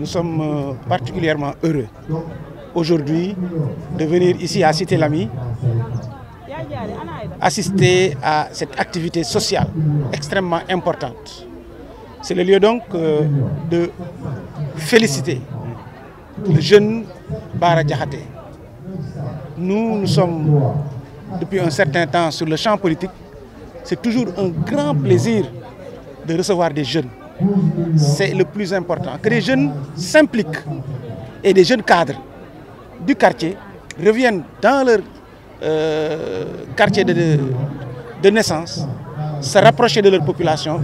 nous sommes euh, particulièrement heureux aujourd'hui de venir ici à Cité Lamy assister à cette activité sociale extrêmement importante. C'est le lieu donc euh, de féliciter le jeune Bara Diakhaté. Nous, nous sommes depuis un certain temps sur le champ politique. C'est toujours un grand plaisir de recevoir des jeunes c'est le plus important, que les jeunes s'impliquent et des jeunes cadres du quartier reviennent dans leur euh, quartier de, de, de naissance, se rapprocher de leur population,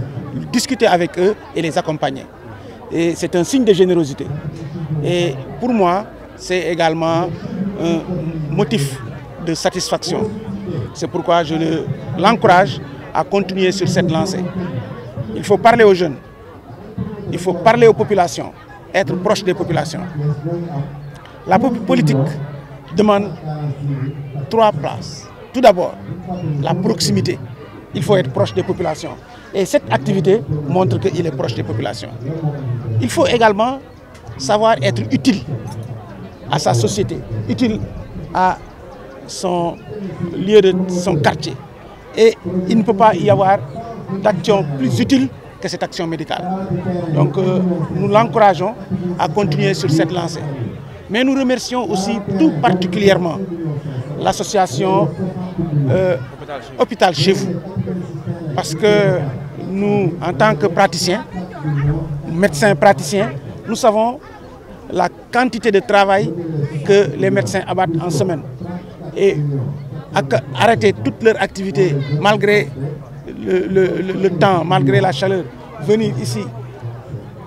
discuter avec eux et les accompagner. Et c'est un signe de générosité. Et pour moi, c'est également un motif de satisfaction. C'est pourquoi je l'encourage à continuer sur cette lancée. Il faut parler aux jeunes, il faut parler aux populations, être proche des populations. La politique demande trois places. Tout d'abord, la proximité. Il faut être proche des populations. Et cette activité montre qu'il est proche des populations. Il faut également savoir être utile à sa société, utile à son lieu de son quartier. Et il ne peut pas y avoir d'action plus utile que cette action médicale. Donc euh, nous l'encourageons à continuer sur cette lancée. Mais nous remercions aussi tout particulièrement l'association euh, Hôpital Chez Vous. Parce que nous, en tant que praticiens, médecins praticiens, nous savons la quantité de travail que les médecins abattent en semaine. Et arrêter toute leur activité malgré le, le, le, temps, malgré la chaleur, venir ici,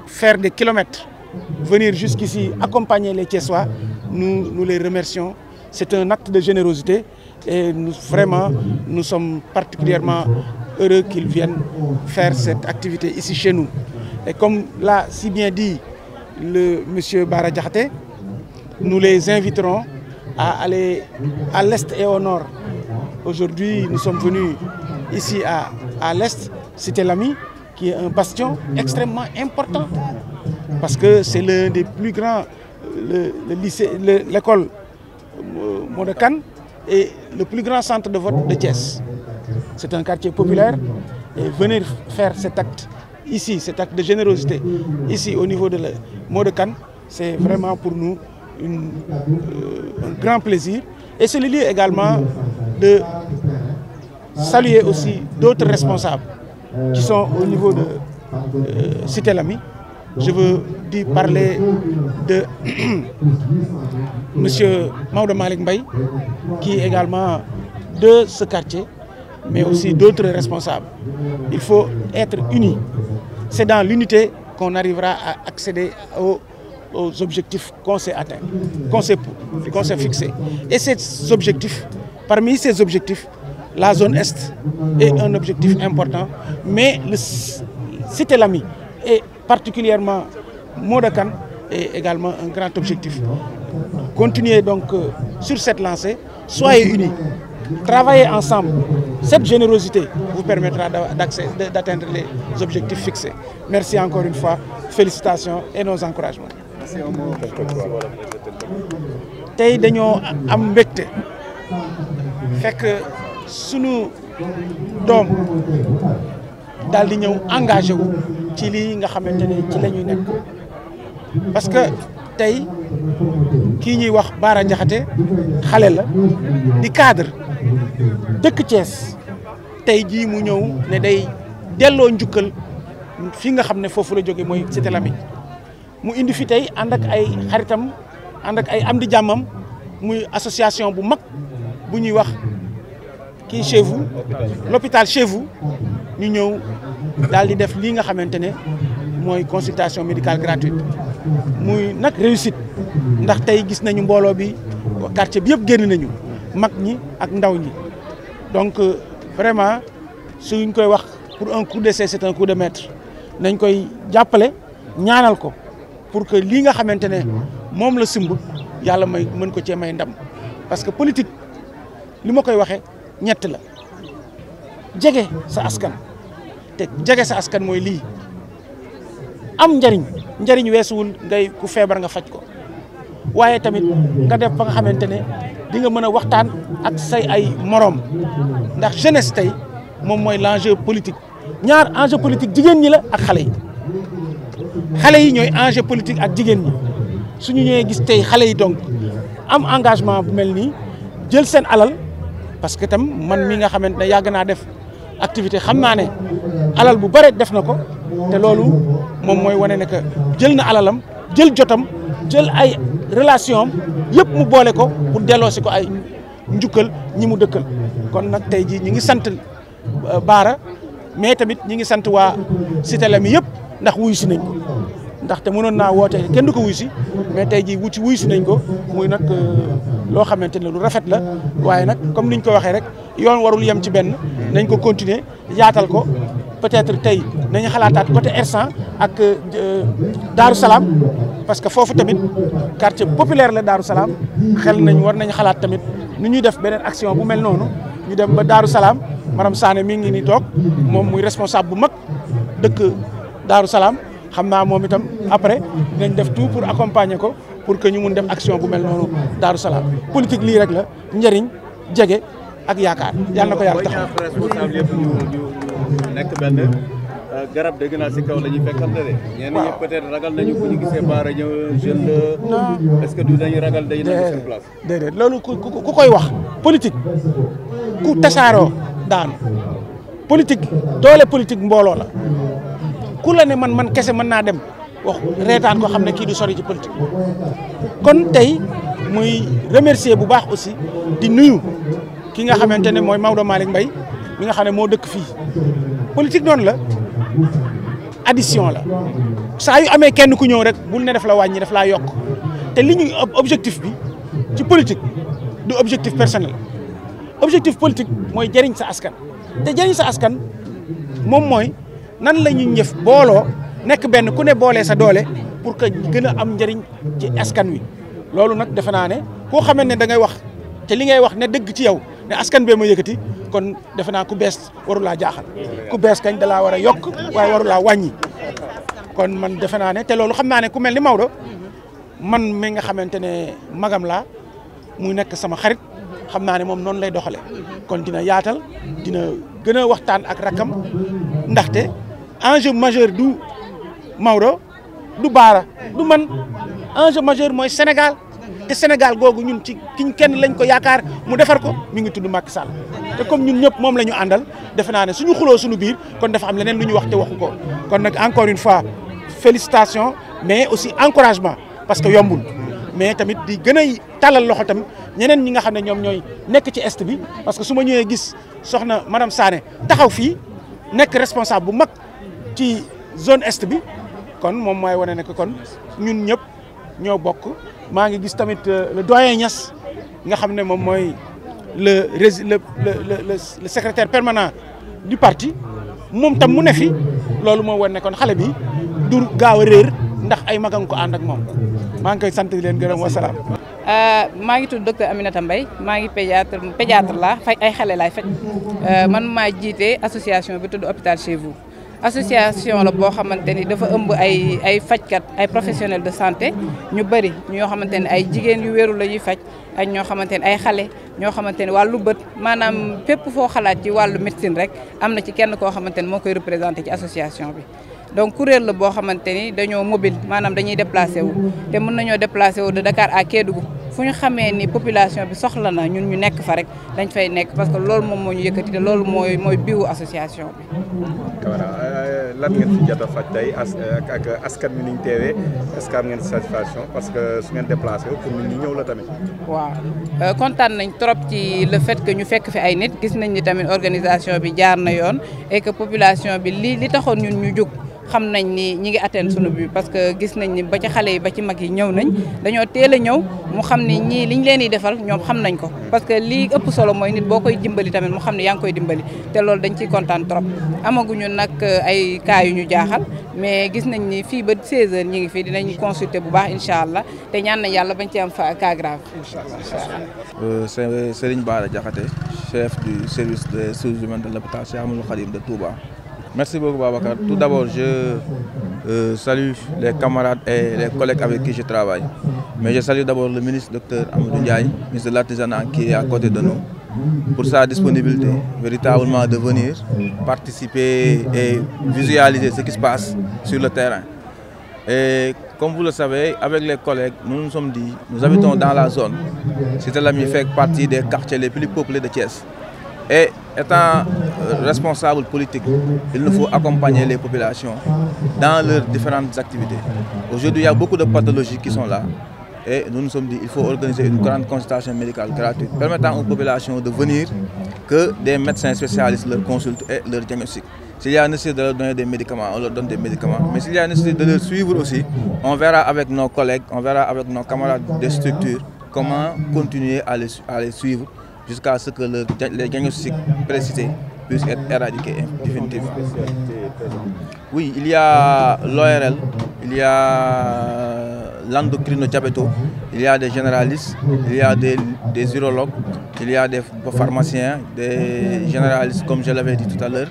faire des kilomètres, venir jusqu'ici, accompagner les Thiessois, nous, nous les remercions. C'est un acte de générosité et nous, vraiment, nous sommes particulièrement heureux qu'ils viennent faire cette activité ici chez nous. Et comme l'a si bien dit le monsieur Baradjahate, nous les inviterons à aller à l'est et au nord. Aujourd'hui, nous sommes venus ici à à l'est, Cité Lamy, qui est un bastion extrêmement important parce que c'est l'un des plus grands, le, le lycée, l'école euh, Modecan et le plus grand centre de vote de Thiès. C'est un quartier populaire et venir faire cet acte ici, cet acte de générosité ici au niveau de Modecan, c'est vraiment pour nous une, euh, un grand plaisir et c'est le également de saluer aussi d'autres responsables qui sont au niveau de euh, Cité Lamy. Je veux dire parler de monsieur Maodo Malik Mbaye, qui également de ce quartier, mais aussi d'autres responsables. Il faut être unis. C'est dans l'unité qu'on arrivera à accéder aux, aux objectifs qu'on s'est atteints, qu'on s'est qu fixés. Et ces objectifs, parmi ces objectifs, la zone Est est un objectif important, mais le Cité Lamy et particulièrement Modakan est également un grand objectif. Continuez donc euh, sur cette lancée, soyez unis, travaillez ensemble. Cette générosité vous permettra d'atteindre les objectifs fixés. Merci encore une fois, félicitations et nos encouragements. tey dañoo am mbégte fekk sunu doom daal di ñëw engagé wu ci lii nga xamante ne ci la nekk parce que tey kii ñuy wax Bara Diakhaté xale la di cadre dëkk Thiès tey jii mu ñëw ne day delloo njukkal fi nga xam ne foofu la jóge mooy Cité Lamy mu indi fi tey ànd ak ay xaritam ànd ak ay am di jàmmam muy association bu mag bu ñuy wax kii chez vous l'hôpital ñu ñëw daal di def lii nga xamante ne mooy consultation médicale gratuite muy nag réussite ndax tey gis nañu mbooloo bi quartier bi yëpp génn nañu mag ñi ak ndaw ñi donc euh, vraiment su suñ koy wax pour un coup d'essai c'est un coup de maître nañ koy jàppale ñaanal ko pour que lii nga xamante ne moom la simb yàlla may mën ko cee may ndam parce que politique li ma koy waxee ñett la jege sa askan te jege sa askan mooy lii am njariñ njariñ weesuwul ngay ku feebar nga faj ko waaye tamit nga def ba nga xamante ne di nga mën a waxtaan ak say ay moroom ndax jeunesse tey moom mooy l'enjeu politique ñaar enjeu politique jigéen ñi la ak xale yi xale yi ñooy enjeu politique ak jigéen ñi suñu ñëwee gis tey xale yi donc am engagement bu mel nii jël seen alal parce que tam man mi nga xamante ne yàgg naa def activité xam naa ne alal bu bare def na ko te loolu moom mooy wane ne que jël na alalam jël jotam jël ay relation am yëpp mu boole ko bu delloo si ko ay njukkal ñi mu dëkkal kon nag tey jii ñi ngi sant euh, Baara mais tamit ñi ngi sant waa Cité Lamy yëpp ndax wuyu si nañ ko ndaxte mënoon naa woote kenn du ko wuyu si mais tey jii wu ci nañ ko muy nag euh, loo xamante ne lu rafet la waaye nag comme niñ ko waxee rek yoon warul yem ci benn nañ ko continuer yaatal ko peut-être tey nañu xalaataat côté Hersent ak euh, Daaru Salaam parce que foofu tamit quartier populaire la Daaru Salaam xel nañ war nañ xalaat tamit nu ñuy def beneen action bu mel noonu ñu dem ba Daaru Salaam maram Sané mi ngi ni toog moom muy responsable bu mag dëkk Daaru Salaam xam naa moom itam après nañ def tout pour accompagner ko pour que ñu mun def action bu mel noonu Daaru Salaam politique lii rek la njëriñ jege ak yaakaar yàlla ko yàlla taxaw. responsable yëpp nekk benn euh, garab dëgg si kaw la ñuy fekkante de. waaw ñenn ragal nañu ñu gisee baara ñëw jeune la. est que du dañuy ragal day nekk seen place. déedéet loolu ku ku koy wax politique ku tasaaroo daanu politique doole politique mbooloo la ku la ne man man kese mën naa dem. wax reetaan ko xam ne kii du sori ci politique kon tey muy remercier bu baax aussi di nuyu ki nga xamante ne mooy Maodo Malick Mbaye mi nga xam ne moo dëkk fii politique noonu la addition la saa yu amee kenn ku ñëw rek bul ne def la wàññi def laa yokk te li ñuy objectif bi ci politique du objectif personnel objectif politique mooy jëriñ sa askan te jëriñ sa askan moom mooy nan la ñuy ñëf booloo nekk benn ku ne boole sa doole pour que gën a am njariñ ci askan wi loolu nag defe naa ne koo xamee ne da ngay wax te li ngay wax ne dëgg ci yow ne askan bee ma yëkkati kon defe naa ku bees warulaa jaaxal ku bees kañ dalaa war a yokk waaye warulaa wàññi kon man defe naa ne te loolu xam naa ne ku mel ni Maodo man mi nga xamante ne magam laa muy nekk sama xarit xam naa ne moom noonu lay doxale kon dina yaatal dina gën a waxtaan ak rakkam ndaxte enjeu majeur du Maodo du Baara du man enjeu majeur mooy Sénégal te Sénégal googu ñun ci kiñ kenn lañ ko yaakaar mu defar ko mi ngi tudd Macky Sall te comme ñun ñëpp moom la ñu àndal defe naa ne suñu xuloo suñu biir kon dafa am leneen lu ñu wax te waxu ko kon nag encore une fois félicitations mais aussi encouragement parce que yombul mais tamit di gën a talal loxo tamit ñeneen ñi nga xam ne ñoom ñooy nekk ci est bi parce que su ma ñëwee gis soxna madame Sané taxaw fii nekk responsable bu mag ci zone est bi kon moom mooy wane ne ko kon ñun ñëpp ñoo bokk maa ngi gis tamit euh, le doyen ñas nga xam ne moom mooy le le le le secrétaire permanent du parti moom tam mu ne fi loolu moo wane ne kon xale bi dur gaaw a réer ndax ay magam ko ànd ak moom maa ngi koy sant di leen gërëm wasalaam. Euh, maa ngi tudd docteur Aminata mbay maa ngi pédiatre pédiatre laa faj ay xale laay faj euh, man maa jiite association bi tudd hôpital chez association la boo xamante ni dafa ëmb ay ay fajkat ay professionnel de santé ñu bëri ñoo xamante ni ay jigéen yu wéeru la ñuy faj ak ñoo xamante ne ay xale ñoo xamante ne wàllu bët maanaam fépp foo xalaat ci wàllu médecine rek am na ci kenn koo xamante ne moo koy représenté ci association bi donc kuréel la boo xamante ni dañoo mobile maanaam dañuy déplacé wu te mën nañoo déplacé wu de Dakar à Kédougou fu ñu xamee ni population bi soxla na ñun ñu nekk fa rek dañ fay nekk parce que loolu moom moo ñu yëkkati te loolu mooy mooy biwu association bi. voilà euh, lan ngeen jot a faj tey askan wi ni ñu teewee est que am ngeen satisfaction parce que su ngeen déplacé pour nit ñi ñëw la tamit. waaw euh, kontaan nañ trop ci le fait que ñu fekk fi ay nit gis nañ ni tamit organisation bi jaar na yoon et que population bi li li taxoon ñun ñu jóg. xam nañ ni ñi ngi atteindre sunu but parce que gis nañ ni ba ci xale yi ba ci mag yi ñëw nañ dañoo teel a ñëw mu xam ni ñii liñ leen di defal ñoom xam nañ ko parce que lii ëpp solo mooy nit boo koy dimbali tamit mu xam ne yaa ngi koy dimbali te loolu dañ ciy kontaan trop amaguñu nag euh, ay cas yu ñu jaaxal mais gis nañ ni fii ba 16 heures ñi ngi fii dinañ consulter bu baax incha allah te ñaan nañ yàlla bañ ci am fa cas grave incha allah euh, euh, Serigne Bara Diakhaté chef du service des ressources humaines de l'hôpital Merci beaucoup Babacar. Tout d'abord, je euh, salue les camarades et les collègues avec qui je travaille. Mais je salue d'abord le ministre Dr Amadou Ndiaye, ministre de l'artisanat qui est à côté de nous, pour sa disponibilité, véritablement de venir participer et visualiser ce qui se passe sur le terrain. Et comme vous le savez, avec les collègues, nous nous sommes dit, nous dans la zone. C'était la fait partie des quartiers les plus peuplés de Thiès. étant euh, responsable politique, il nous faut accompagner les populations dans leurs différentes activités. Aujourd'hui, il y a beaucoup de pathologies qui sont là. Et nous nous sommes dit qu'il faut organiser une grande consultation médicale gratuite permettant aux populations de venir, que des médecins spécialistes leur consultent et leur diagnostiquent. S'il y a nécessité de leur donner des médicaments, on leur donne des médicaments. Mais s'il y a nécessité de leur à les, à jusqu'à ce que le, les diagnostics précisés éradiqués définitivement. Oui, il y a l'ORL, il y a l'endocrino-diabéto, il y a des généralistes, il y a des, des urologues, pharmaciens, des généralistes, comme je l'avais dit tout à l'heure,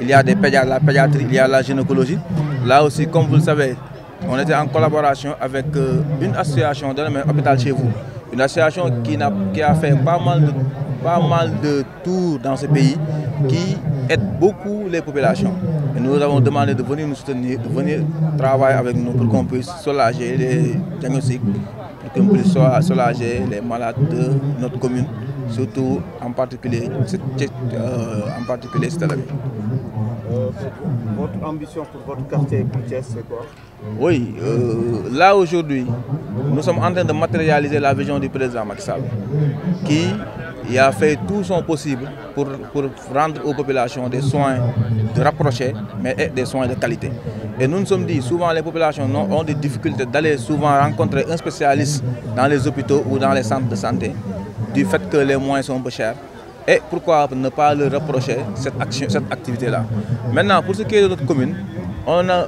il y a des pédiatres, la pédiatrie, il y a la gynécologie. Là aussi, comme vous le savez, on était en collaboration avec euh, une association de l'hôpital chez vous, Une association qui a, a fait pas mal, de, tours dans ce pays, qui aide beaucoup les populations. Et nous avons demandé de venir nous soutenir, de venir travailler avec nous pour qu'on puisse soulager les diagnostics, pour qu'on puisse soulager les malades de notre commune, surtout en particulier, euh, en particulier cette année. Euh, votre ambition pour votre quartier Thiès, c'est quoi Oui, euh, là aujourd'hui, nous sommes en de matérialiser la vision du président Macky Sall, qui il fait tout son possible pour, pour, rendre aux populations des soins de rapprochés, mais des soins de qualité. Et nous nous sommes dit, souvent les populations ont des difficultés d'aller souvent rencontrer un spécialiste dans les hôpitaux ou dans les centres de santé, du fait que les moyens sont peu chers. Et pourquoi ne pas leur reprocher cette, action, cette activité-là Maintenant, pour ce qui est commune, on a,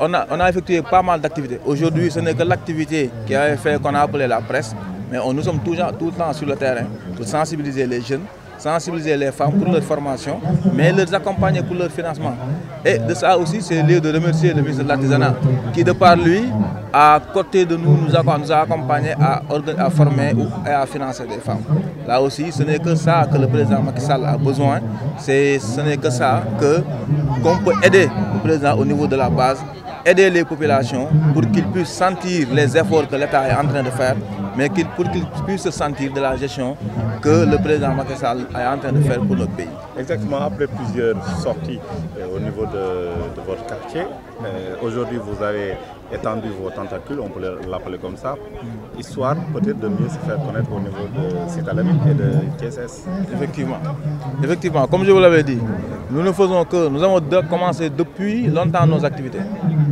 on a, on a effectué pas mal d'activités. Aujourd'hui, ce n'est que l'activité qui a fait qu'on la presse, mais on, nous sommes tout le temps sur le terrain pour sensibiliser les jeunes sensibiliser les femmes pour leur formation, mais les accompagner pour leur financement. Et de ça aussi, c'est lieu de remercier le ministre de l'Artisanat, qui de par lui, à côté de nous, nous à, à former et à financer des femmes. Là aussi, ce n'est que ça que le président Macky Sall a besoin, ce n'est que ça qu'on qu peut aider le président au niveau de la base aider les populations pour qu'ils puissent sentir les efforts que l'État est en de faire mais qu'il, pour qu'il puisse se sentir de la gestion que le président Macky Sall est en train de faire pour notre pays. Exactement, après plusieurs sorties euh, au niveau niveau de, de votre quartier. Euh, Aujourd'hui, vous avez étendu vos tentacules, on peut l'appeler comme ça, histoire peut-être de mieux se faire connaître au niveau de Citalamine et de TSS. Effectivement. Effectivement, comme je vous l'avais dit, nous ne faisons que, nous avons commencé depuis longtemps nos activités.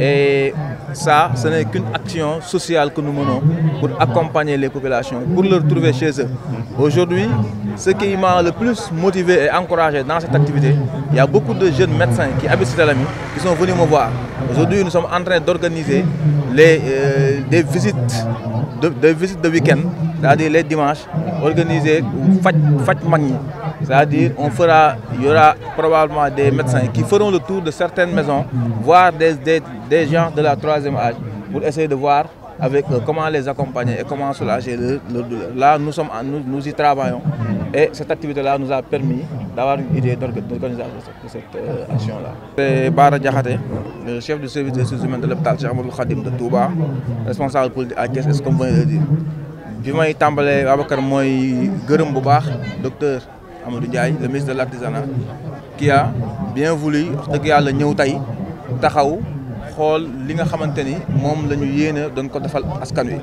Et ça, ce n'est qu'une action sociale que nous menons pour accompagner les populations, pour leur trouver chez eux. Aujourd'hui, Ce qui m'a le plus motivé et encouragé dans cette activité, il y a beaucoup de jeunes médecins qui habitent Citalami qui sont venus me voir. Aujourd'hui, nous sommes en d'organiser euh, des visites de, des visites de week-end, c'est-à-dire les dimanches, organiser Fat Magni. C'est-à-dire on fera, il y aura probablement des médecins qui feront le tour de certaines maisons, voir des, des, des gens de la troisième âge pour essayer de voir avec eux, comment les accompagner et comment soulager leur douleur. Là, nous, sommes, nous, nous y travaillons. Et cette activité-là nous a permis d'avoir une idée d'organisation de cette euh, action-là. C'est Bara Diakhaté, le chef du service des ressources humaines de l'hôpital Cheikh Khadim de Touba, responsable pour à Thiès, est-ce bi may tàmbalee Babacar mooy gërëm bu baax docteur Amadou Ndiaye le ministre de l'artisanat qui a bien voulu wax dëgg yàlla ñëw tey taxaw xool li nga xamante ni moom la ñu yéene doon ko defal askan wi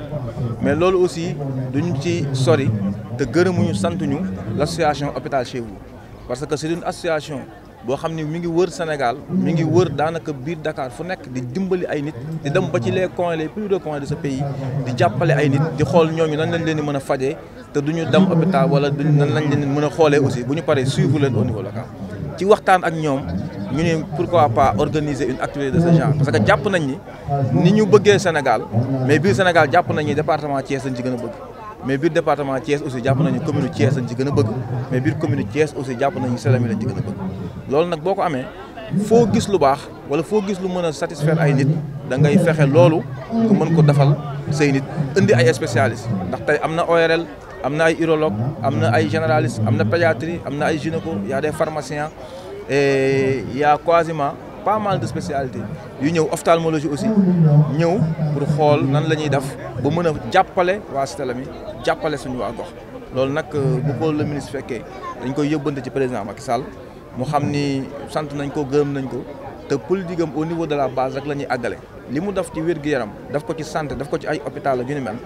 mais loolu aussi duñu ci sori te gërëmuñu santuñu l'association hôpital chez vous parce que c'est une association boo xam ni mi ngi wër Sénégal mi ngi wër daanaka biir Dakar fu nekk di dimbali ay nit di dem ba ci les coins les plus de coins de ce pays di jàppale ay nit di xool ñooñu ñu lañ leen di mën a fajee te du ñu dem hôpital wala duñ lañ leen mën a xoolee aussi bu ñu paree suivre leen au niveau local ci waxtaan ak ñoom ñu ne pourquoi pas organiser une activité de ce parce que jàpp nañ ni ni ñu bëggee Sénégal mais biir Sénégal jàpp nañ ni département Thiès lañ ci gën a bëgg mais biir département Thiès aussi jàpp nañu commune Thiès lañ ci gën a bëgg mais biir commune Thiès aussi jàpp nañu Selemi lañ ci a bëgg loolu nag boo ko amee foo gis lu baax wala foo gis lu mën a satisfaire ay nit da ngay fexe loolu nga mën ko defal say nit indi ay spécialistes ndax tey am na ORL am na ay urologue am na ay am na pédiatrie am na ay et il y a quasiment pas mal de spécialités yu ñëw ophtalmologie aussi ñëw pour xool nan la ñuy def ba mën a jàppale waa Cité Lamy jàppale suñu waa gox loolu nag euh, bu ko la ministre fekkee dañ koy yóbbante ci président Macky Sall mu xam ni sant nañ ko gërëm nañ ko te politique am au niveau de la base rek la ñuy àggale li mu def ci wér-gu-yaram daf ko ci santé daf ko ci ay hôpital ak yu mel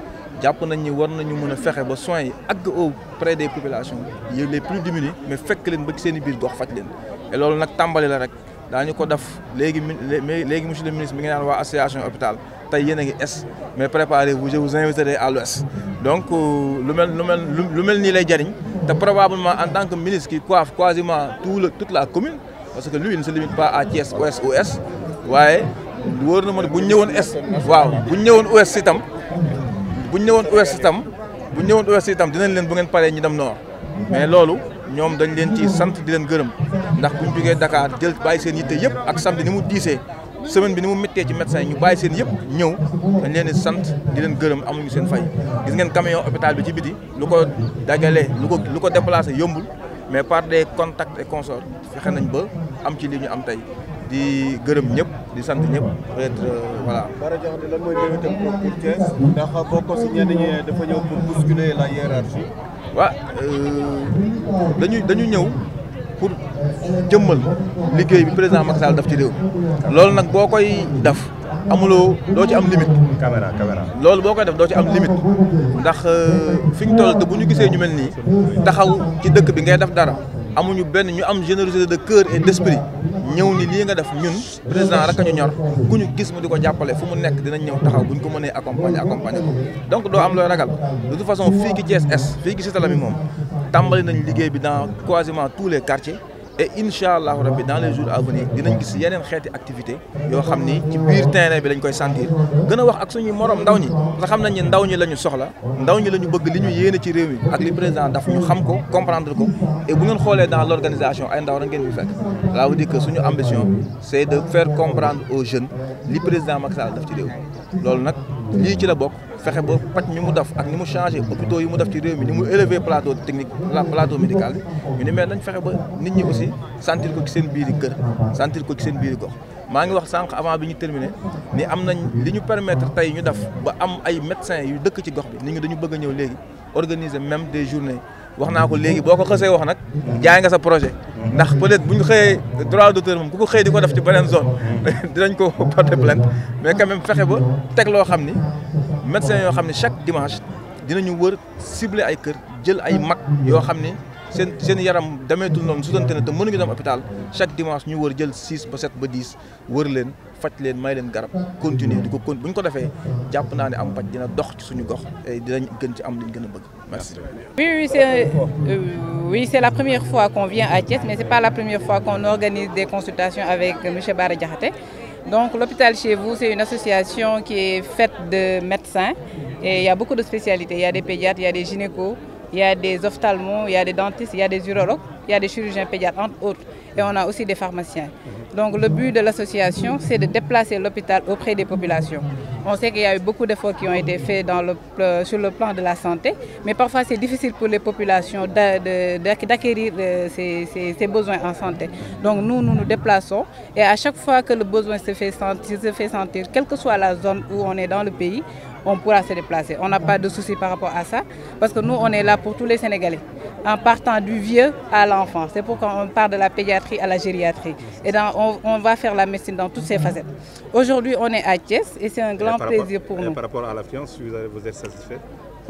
jàpp nañ ni war nañu mën a fexe ba soin yi ak auprès des populations yi les plus diminués mais fekk leen ba seeni biir gox faj leen et loolu nag tàmbali la rek daañu ko def léegi mu monsieur le ministre mi ngi naan waa association hôpital tey yéen a ngi es mais préparez-vous je vous inviterai à l'ouest donc euh, lu mel lu mel lu mel nii lay jariñ te probablement en tant que ministre qui coiffe quasiment tout le toute la commune parce que lui il ne se limite pas à Thiès waaye wóor na ma ne bu ñu ñëwoon est waaw bu ñu ñëwoon ouest bu ñu ñëwoon ouest itam bu ñu ñëwoon ouest itam dinañ leen bu ngeen paree ñu dem nord mais loolu ñoom dañ leen ci sant di leen gërëm ndax ku ñu jógee dakaar jël bàyyi seen yitte yëpp ak samedi ni mu diisee semaine bi ni mu méttee ci médecin ñu bàyyi seen yëpp ñëw dañ leen sant di leen gërëm amuñu seen fay gis ngeen camion hôpital bi ci biti lu ko dagalee lu ko lu ko déplacé yombul mais par des contacts et consorts fexe nañ ba am ci li ñu am tey di gërëm ñëpp di sant ñëpp peut euh, voilà. Bara Diakhaté lan mooy boo ko si ñenn ñi dafa ñëw pour bousculer la hiérarchie. Euh, dañu dañu ñëw pour jëmmal liggéey bi président Macky Sall daf ci réew loolu nag boo koy daf amuloo doo ci am limite. caméra caméra loolu boo koy def doo ci am limite ndax euh, fi ñu toll bu ñu gisee ñu mel nii taxaw ci dëkk bi ngay def dara. amuñu benn ñu am générosité de cœur et d'esprit ñëw ni lii nga def ñun président rek ñu ñor ku ñu gis mu di ko jàppale fu mu nekk dinañ ñëw taxaw bu ñu ko mënee accompagner accompagner ko donc doo am looy ragal de toute façon fii ki Thiès Est fii ki Cité Lamy moom tàmbali nañ liggéey bi dans quasiment tous les quartiers et incha allahu rabbi dans les jours à venir dinañ gis yeneen xeeti activité yoo xam ni ci biir terrain bi lañ koy sentir gën a wax ak suñuy morom ndaw ñi parce que xam nañ ndaw ñi la ñu soxla ndaw ñi la ñu bëgg li ñu yéene ci réew mi ak li président daf ñu xam ko comprendre ko et bu ngeen xoolee dans l' organisation ay ndaw rek ngeen fi fekk ça veut dire que suñu ambition c' est de faire comprendre aux jeunes li président Macky Sall daf ci réew mi loolu nag lii ci la bokk fexe ba paj mi mu def ak ni mu changé hôpitaux yi mu def ci réew mi ni mu élevé plateau technique plateau médical bi ñu ne mais nañ fexe ba nit ñi aussi sentir ko ci seen biiri kër sentir ko ci seen biiri gox maa ngi wax sànq avant bi ñu terminé ni am nañ li ñu permettre tey ñu def ba am ay médecins yu dëkk ci gox bi nit ñi dañu bëgg a ñëw léegi organiser même des journées wax naa ko léegi boo ko xësee wax nag jaay nga sa projet ndax peut-être bu ñu xëyee droit ko xëy di ko def ci beneen zone dinañ ko porter plainte mais quand même fexe ba teg loo xam ni médecins yoo xam ne chaque dimanche ñu wër cibler ay kër jël ay mag yoo xam ne seen seen yaram demeetul noonu su doonte ne te mënuñu dem hôpital chaque dimanche ñu wër jël 6 ba 7 ba diis wër leen faj leen may leen garab continuer di ko con bu ñu ko defee jàpp naa ne am paj dina dox ci suñu gox et dinañ gën ci am li gën a bëgg merci. oui oui c'est euh, oui c'est la première fois qu'on à Thiès mais c'est pas la première fois qu'on organise des consultations euh, Donc l'hôpital chez c'est une association qui est de médecins et il y a beaucoup de spécialités. y a des pédiatres, il y a des gynécos, il y a des ophtalmos, il y a des dentistes, il y a des urologues, il y a des chirurgiens pédiatres, entre autres. Et on a aussi des pharmaciens. Donc le but de l'association, c'est de déplacer l'hôpital auprès des populations. On sait qu'il y a eu beaucoup d'efforts qui ont été faits le, sur le plan de la santé, mais parfois c'est difficile pour les populations d'acquérir euh, ces, ces, ces, besoins en santé. Donc nous, nous déplaçons et à chaque fois que le besoin se fait sentir, zone où on est dans le pays, on pourra se déplacer. On n'a pas de souci par rapport à ça, parce que nous, on est là pour tous les Sénégalais, en partant du vieux à l'enfant. C'est pourquoi on part de la pédiatrie à la gériatrie. Et dans, on, on, va faire la médecine dans toutes ses facettes. Aujourd'hui, on est à Thiès et c'est un grand et plaisir rapport, pour nous. Par rapport à l'affluence, vous, vous êtes satisfait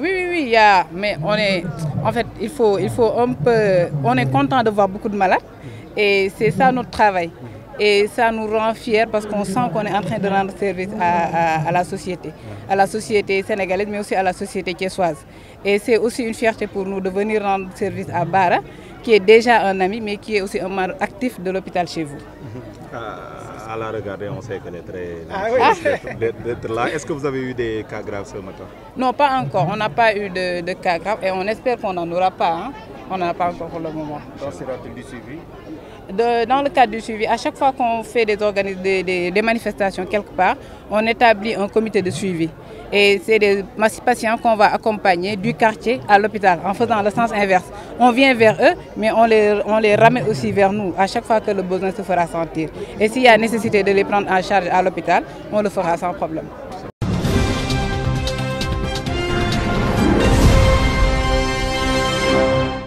oui, oui, oui, il y a, mais on est, en fait, il faut, il faut, on peut, on est content de voir beaucoup de malades et c'est ça notre travail. et ça nous rend fiers parce qu'on sent qu'on est en train de rendre service à, à, à, la société, à la sénégalaise mais aussi à la société thiessoise. Et c'est aussi une fierté pour nous de rendre service à Bara, qui est déjà un ami mais qui est aussi un membre actif de l'hôpital chez vous. À, ah, à, la regarder, on sait qu'elle est très ah Est-ce que vous avez eu des cas graves Non, pas encore. On n'a pas eu de, cas graves et on espère qu'on aura pas. On n'en pas encore pour De, dans le cadre du suivi, à chaque fois qu'on fait des, des, des, des, manifestations quelque part, on établit un comité de suivi. Et c'est des patients qu'on va accompagner du quartier à l'hôpital en faisant le sens inverse. On vient vers eux, mais on les, on les ramène aussi vers nous à chaque fois que le besoin se fera sentir. Et s'il y a nécessité de les prendre en charge à l'hôpital, on le fera sans problème.